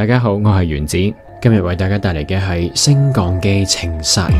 大家好，我係原子，今日為大家帶嚟嘅係升降機情殺案。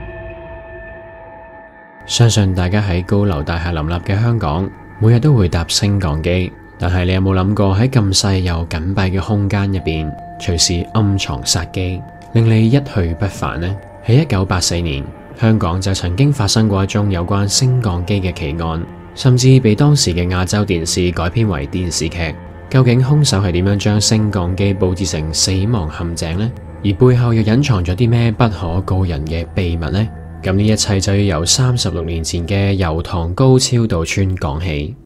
相信大家喺高樓大廈林立嘅香港，每日都會搭升降機，但係你有冇諗過喺咁細又緊閉嘅空間入邊，隨時暗藏殺機，令你一去不返呢？喺一九八四年，香港就曾經發生過一宗有關升降機嘅奇案，甚至被當時嘅亞洲電視改編為電視劇。究竟兇手係點樣將升降機佈置成死亡陷阱呢？而背後又隱藏咗啲咩不可告人嘅秘密呢？咁呢一切就要由三十六年前嘅油塘高超道村講起。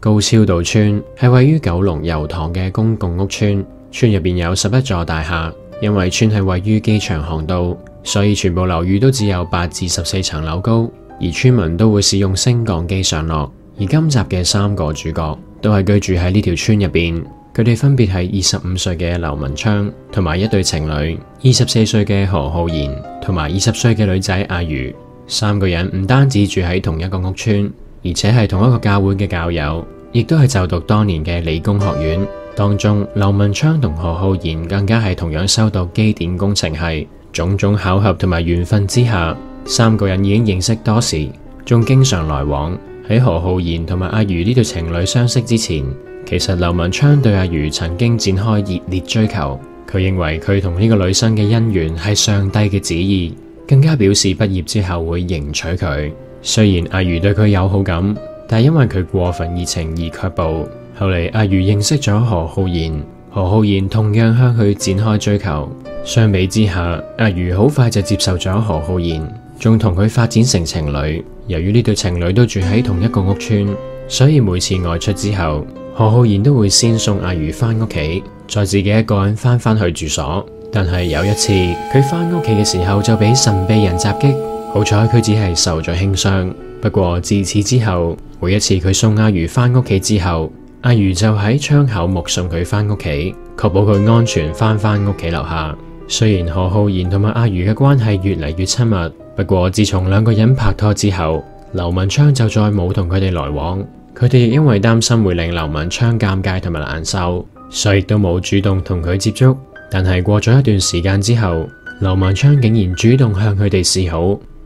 高超道村係位於九龍油塘嘅公共屋村，村入面有十一座大廈。因為村係位於機場航道，所以全部樓宇都只有八至十四層樓高，而村民都會使用升降機上落。而今集嘅三個主角都係居住喺呢條村入邊，佢哋分別係二十五歲嘅劉文昌同埋一對情侶，二十四歲嘅何浩然同埋二十歲嘅女仔阿如。三個人唔單止住喺同一個屋村，而且係同一個教會嘅教友，亦都係就讀當年嘅理工學院。當中，劉文昌同何浩然更加係同樣修讀機電工程系，種種巧合同埋緣分之下，三個人已經認識多時，仲經常來往。喺何浩然同埋阿如呢對情侶相識之前，其實劉文昌對阿如曾經展開熱烈追求。佢認為佢同呢個女生嘅姻緣係上帝嘅旨意，更加表示畢業之後會迎娶佢。雖然阿如對佢有好感，但因為佢過分熱情而卻步。後嚟阿如認識咗何浩然，何浩然同樣向佢展開追求。相比之下，阿如好快就接受咗何浩然，仲同佢發展成情侶。由於呢對情侶都住喺同一個屋村，所以每次外出之後，何浩然都會先送阿如翻屋企，再自己一個人翻翻去住所。但係有一次，佢翻屋企嘅時候就俾神秘人襲擊，好彩佢只係受咗輕傷。不過自此之後，每一次佢送阿如翻屋企之後，阿如就喺窗口目送佢翻屋企，確保佢安全翻翻屋企樓下。雖然何浩然同埋阿如嘅關係越嚟越親密。不過自從兩個人拍拖之後，劉文昌就再冇同佢哋來往。佢哋因為擔心會令劉文昌尷尬同埋難受，所以都冇主動同佢接觸。但係過咗一段時間之後，劉文昌竟然主動向佢哋示好。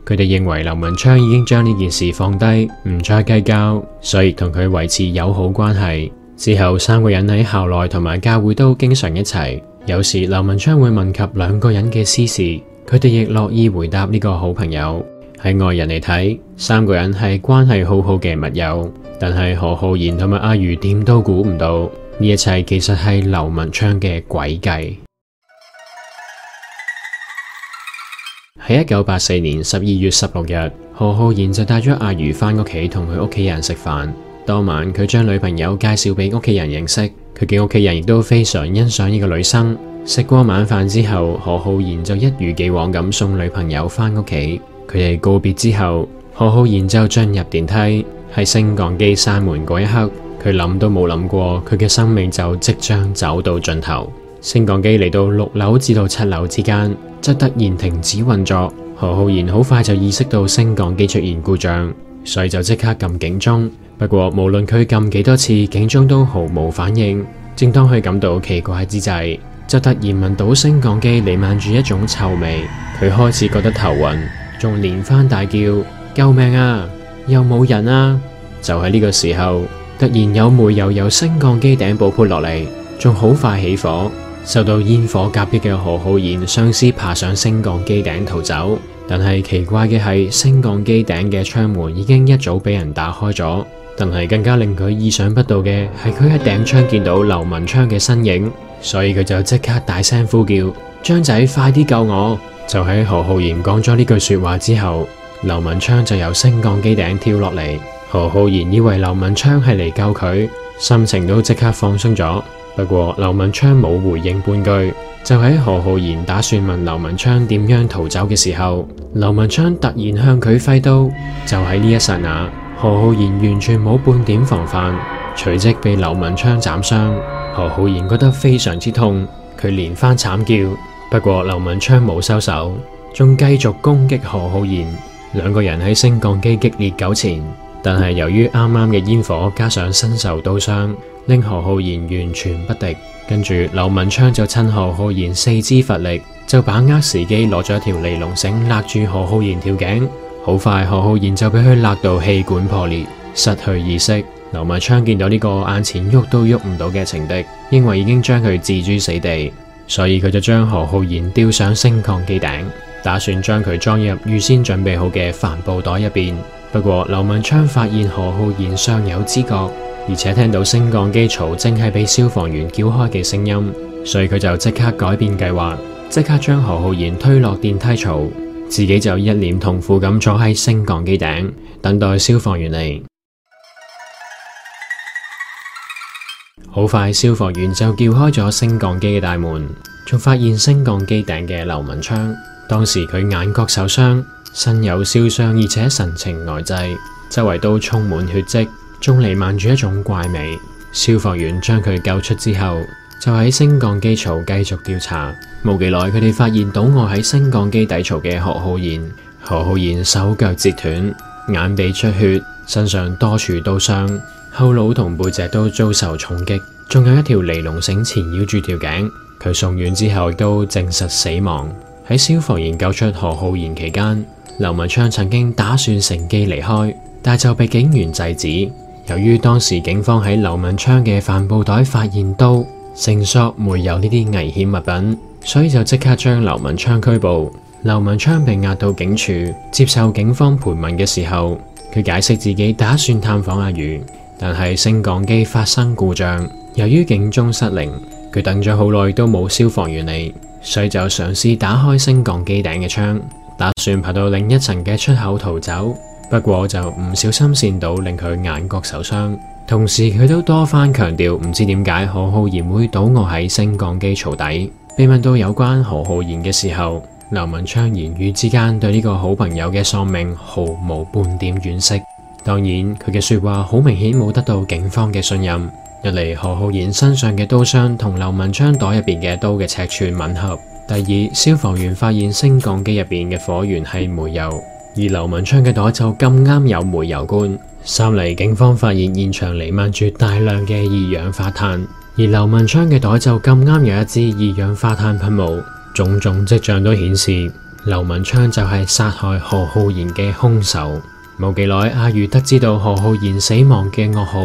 佢哋認為劉文昌已經將呢件事放低，唔再計較，所以同佢維持友好關係。之後三個人喺校內同埋教會都經常一齊，有時劉文昌會問及兩個人嘅私事。佢哋亦樂意回答呢個好朋友，喺外人嚟睇，三個人係關係好好嘅密友。但係何浩然同埋阿余點都估唔到，呢一切其實係劉文昌嘅詭計。喺一九八四年十二月十六日，何浩然就帶咗阿余返屋企同佢屋企人食飯。當晚佢將女朋友介紹俾屋企人認識，佢嘅屋企人亦都非常欣賞呢個女生。食過晚飯之後，何浩然就一如既往咁送女朋友返屋企。佢哋告別之後，何浩然就進入電梯。喺升降機閂門嗰一刻，佢諗都冇諗過，佢嘅生命就即將走到盡頭。升降機嚟到六樓至到七樓之間，則突然停止運作。何浩然好快就意識到升降機出現故障，所以就即刻撳警鐘。不過，無論佢撳幾多次，警鐘都毫無反應。正當佢感到奇怪之際，就突然聞到升降機彌漫住一種臭味，佢開始覺得頭暈，仲連番大叫：救命啊！又冇人啊！就喺呢個時候，突然有煤油由升降機頂部潑落嚟，仲好快起火。受到煙火夾擊嘅何浩然，嘗試爬上升降機頂逃走，但係奇怪嘅係，升降機頂嘅窗門已經一早俾人打開咗。但係更加令佢意想不到嘅係，佢喺頂窗見到劉文昌嘅身影，所以佢就即刻大聲呼叫張仔，快啲救我！就喺何浩然講咗呢句說話之後，劉文昌就由升降機頂跳落嚟。何浩然以為劉文昌係嚟救佢，心情都即刻放鬆咗。不過劉文昌冇回應半句，就喺何浩然打算問劉文昌點樣逃走嘅時候，劉文昌突然向佢揮刀。就喺呢一剎那。何浩然完全冇半點防範，隨即被劉文昌斬傷。何浩然覺得非常之痛，佢連番慘叫。不過劉文昌冇收手，仲繼續攻擊何浩然。兩個人喺升降機激烈糾纏，但係由於啱啱嘅煙火，加上身受刀傷，令何浩然完全不敵。跟住劉文昌就趁何浩然四肢乏力，就把握時機攞咗一條尼龍繩勒住何浩然條頸。好快，何浩然就被佢勒到氣管破裂，失去意識。劉文昌見到呢個眼前喐都喐唔到嘅情敵，因為已經將佢置諸死地，所以佢就將何浩然丟上升降機頂，打算將佢裝入預先準備好嘅帆布袋入邊。不過劉文昌發現何浩然尚有知覺，而且聽到升降機槽正係被消防員叫開嘅聲音，所以佢就即刻改變計劃，即刻將何浩然推落電梯槽，自己就一臉痛苦咁坐喺升降機頂等待消防員嚟。好 快，消防員就撬開咗升降機嘅大門，仲發現升降機頂嘅劉文昌。當時佢眼角受傷、身有燒傷，而且神情呆滯，周圍都充滿血跡，仲彌漫住一種怪味。消防員將佢救出之後。就喺升降機槽繼續調查，冇幾耐佢哋發現倒臥喺升降機底槽嘅何浩然。何浩然手腳折斷、眼鼻出血、身上多處刀傷、後腦同背脊都遭受重擊，仲有一條尼龍繩纏繞住條頸。佢送院之後都證實死亡。喺消防員救出何浩然期間，劉文昌曾經打算乘機離開，但就被警員制止。由於當時警方喺劉文昌嘅帆布袋發現刀。承索沒有呢啲危險物品，所以就即刻將劉文昌拘捕。劉文昌被押到警署接受警方盤問嘅時候，佢解釋自己打算探訪阿余，但係升降機發生故障，由於警鐘失靈，佢等咗好耐都冇消防員嚟，所以就嘗試打開升降機頂嘅窗，打算爬到另一層嘅出口逃走。不過就唔小心扇到，令佢眼角受傷。同時佢都多番強調，唔知點解何浩然會倒卧喺升降機槽底。被問到有關何浩然嘅時候，劉文昌言語之間對呢個好朋友嘅喪命毫無半點惋惜。當然，佢嘅說話好明顯冇得到警方嘅信任。一嚟，何浩然身上嘅刀傷同劉文昌袋入邊嘅刀嘅尺寸吻合；第二，消防員發現升降機入邊嘅火源係煤油，而劉文昌嘅袋就咁啱有煤油罐。三嚟，警方發現現場彌漫住大量嘅二氧化碳，而劉文昌嘅袋就咁啱有一支二氧化碳噴霧，種種跡象都顯示劉文昌就係殺害何浩然嘅兇手。冇幾耐，阿余得知到何浩然死亡嘅噩耗，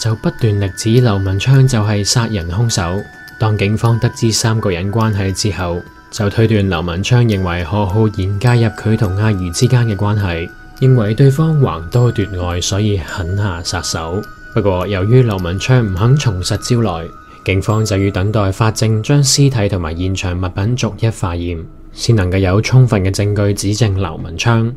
就不斷力指劉文昌就係殺人兇手。當警方得知三個人關係之後，就推斷劉文昌認為何浩然加入佢同阿余之間嘅關係。認為對方橫刀奪愛，所以狠下殺手。不過由於劉文昌唔肯從實招來，警方就要等待法證將屍體同埋現場物品逐一化驗，先能夠有充分嘅證據指證劉文昌。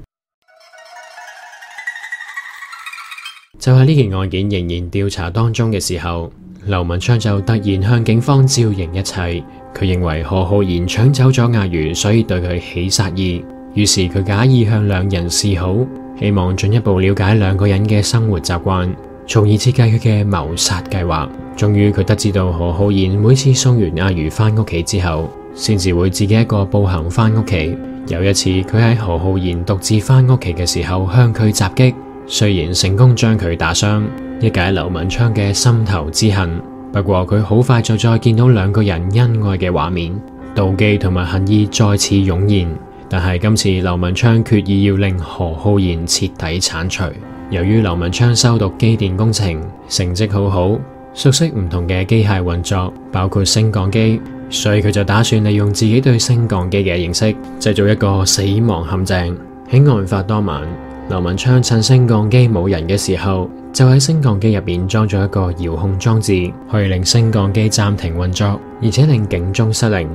就喺呢件案件仍然調查當中嘅時候，劉文昌就突然向警方招認一切。佢認為何浩然搶走咗阿源，所以對佢起殺意。於是佢假意向兩人示好，希望進一步了解兩個人嘅生活習慣，從而設計佢嘅謀殺計劃。終於佢得知到何浩然每次送完阿如翻屋企之後，先至會自己一個步行翻屋企。有一次佢喺何浩然獨自翻屋企嘅時候向佢襲擊，雖然成功將佢打傷，一解劉文昌嘅心頭之恨。不過佢好快就再見到兩個人恩愛嘅畫面，妒忌同埋恨意再次湧現。但係今次劉文昌決意要令何浩然徹底鏟除。由於劉文昌修讀機電工程，成績好好，熟悉唔同嘅機械運作，包括升降機，所以佢就打算利用自己對升降機嘅認識，製造一個死亡陷阱。喺案發當晚，劉文昌趁升降機冇人嘅時候，就喺升降機入邊裝咗一個遙控裝置，可以令升降機暫停運作，而且令警鐘失靈。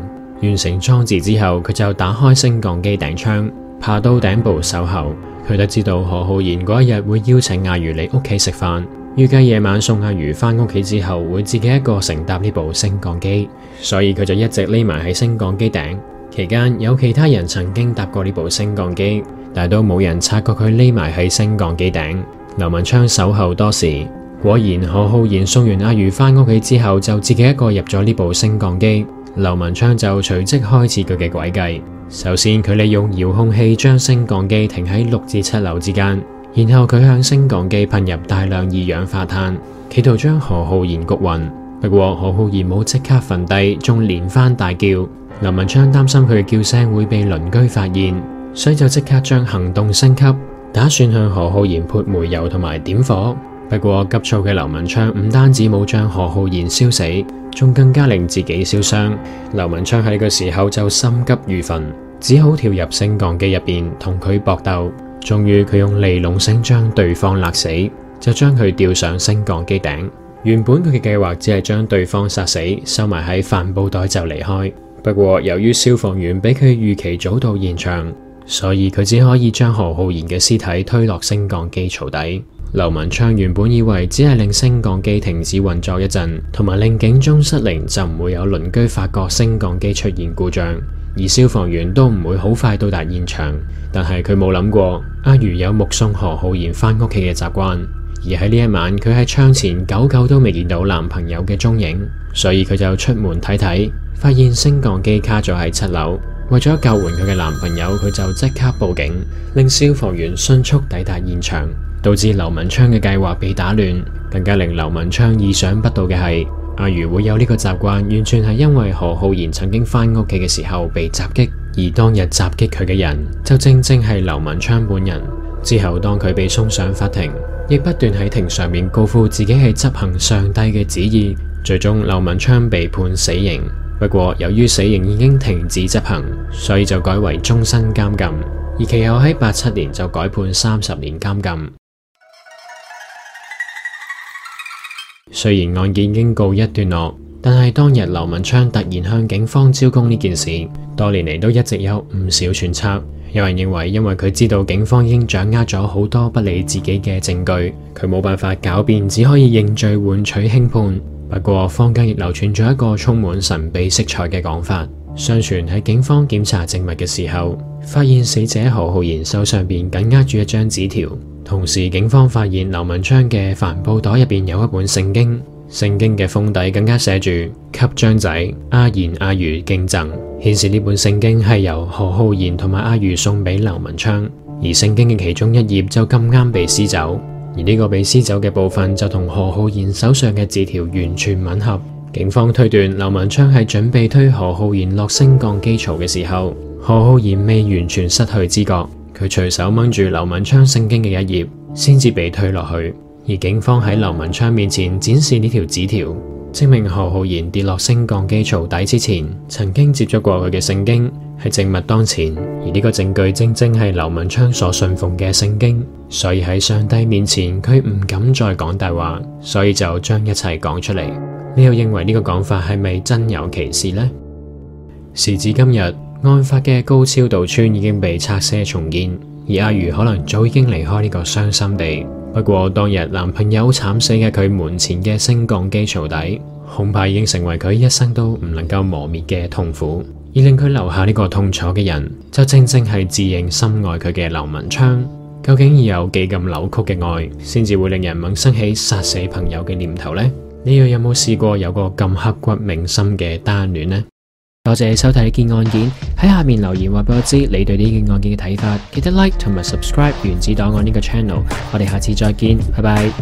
完成裝置之後，佢就打開升降機頂窗，爬到頂部守候。佢都知道何浩然嗰一日會邀請阿如嚟屋企食飯，預計夜晚送阿如翻屋企之後，會自己一個乘搭呢部升降機，所以佢就一直匿埋喺升降機頂。期間有其他人曾經搭過呢部升降機，但都冇人察覺佢匿埋喺升降機頂。劉文昌守候多時，果然何浩然送完阿如翻屋企之後，就自己一個入咗呢部升降機。劉文昌就隨即開始佢嘅詭計。首先，佢利用遙控器將升降機停喺六至七樓之間，然後佢向升降機噴入大量二氧化碳，企圖將何浩然焗暈。不過，何浩然冇即刻瞓低，仲連番大叫。劉文昌擔心佢嘅叫聲會被鄰居發現，所以就即刻將行動升級，打算向何浩然潑煤油同埋點火。不過急躁嘅劉文昌唔單止冇將何浩然燒死，仲更加令自己燒傷。劉文昌喺呢個時候就心急如焚，只好跳入升降機入邊同佢搏鬥。終於佢用尼龍繩將對方勒死，就將佢吊上升降機頂。原本佢嘅計劃只係將對方殺死，收埋喺帆布袋就離開。不過由於消防員比佢預期早到現場，所以佢只可以將何浩然嘅屍體推落升降機槽底。劉文暢原本以為只係令升降機停止運作一陣，同埋令警鐘失靈就唔會有鄰居發覺升降機出現故障，而消防員都唔會好快到達現場。但係佢冇諗過阿如有目送何浩然返屋企嘅習慣，而喺呢一晚佢喺窗前久久都未見到男朋友嘅蹤影，所以佢就出門睇睇，發現升降機卡咗喺七樓。為咗救援佢嘅男朋友，佢就即刻報警，令消防員迅速抵達現場，導致劉文昌嘅計劃被打亂，更加令劉文昌意想不到嘅係，阿如會有呢個習慣，完全係因為何浩然曾經返屋企嘅時候被襲擊，而當日襲擊佢嘅人就正正係劉文昌本人。之後當佢被送上法庭，亦不斷喺庭上面告訴，自己係執行上帝嘅旨意。最終劉文昌被判死刑，不過由於死刑已經停止執行，所以就改為終身監禁，而其後喺八七年就改判三十年監禁。雖然案件已經告一段落，但係當日劉文昌突然向警方招供呢件事，多年嚟都一直有唔少揣測。有人認為，因為佢知道警方已經掌握咗好多不利自己嘅證據，佢冇辦法狡辯，只可以認罪換取輕判。不過坊間亦流傳咗一個充滿神秘色彩嘅講法，相傳喺警方檢查證物嘅時候，發現死者何浩然手上邊緊握住一張紙條。同時，警方發現劉文昌嘅帆布袋入邊有一本聖經，聖經嘅封底更加寫住給張仔阿賢阿如敬贈，顯示呢本聖經係由何浩然同埋阿如送俾劉文昌。而聖經嘅其中一頁就咁啱被撕走，而呢個被撕走嘅部分就同何浩然手上嘅字條完全吻合。警方推斷劉文昌係準備推何浩然落升降機槽嘅時候，何浩然未完全失去知覺。佢隨手掹住劉文昌聖經嘅一頁，先至被推落去。而警方喺劉文昌面前展示呢條紙條，證明何浩然跌落升降機槽底之前，曾經接觸過佢嘅聖經，係證物當前。而呢個證據正正係劉文昌所信奉嘅聖經，所以喺上帝面前，佢唔敢再講大話，所以就將一切講出嚟。你又認為呢個講法係咪真有其事呢？時至今日，案發嘅高超道村已經被拆卸重建，而阿如可能早已經離開呢個傷心地。不過當日男朋友慘死喺佢門前嘅升降機槽底，恐怕已經成為佢一生都唔能夠磨滅嘅痛苦，而令佢留下呢個痛楚嘅人，就正正係自認深愛佢嘅劉文昌。究竟要有幾咁扭曲嘅愛，先至會令人萌生起殺死朋友嘅念頭呢？你又有冇試過有個咁刻骨銘心嘅單戀呢？多謝收睇呢件案件，喺下面留言話俾我知你對呢件案件嘅睇法，記得 Like 同埋 Subscribe 原子檔案呢個 channel，我哋下次再見，拜拜。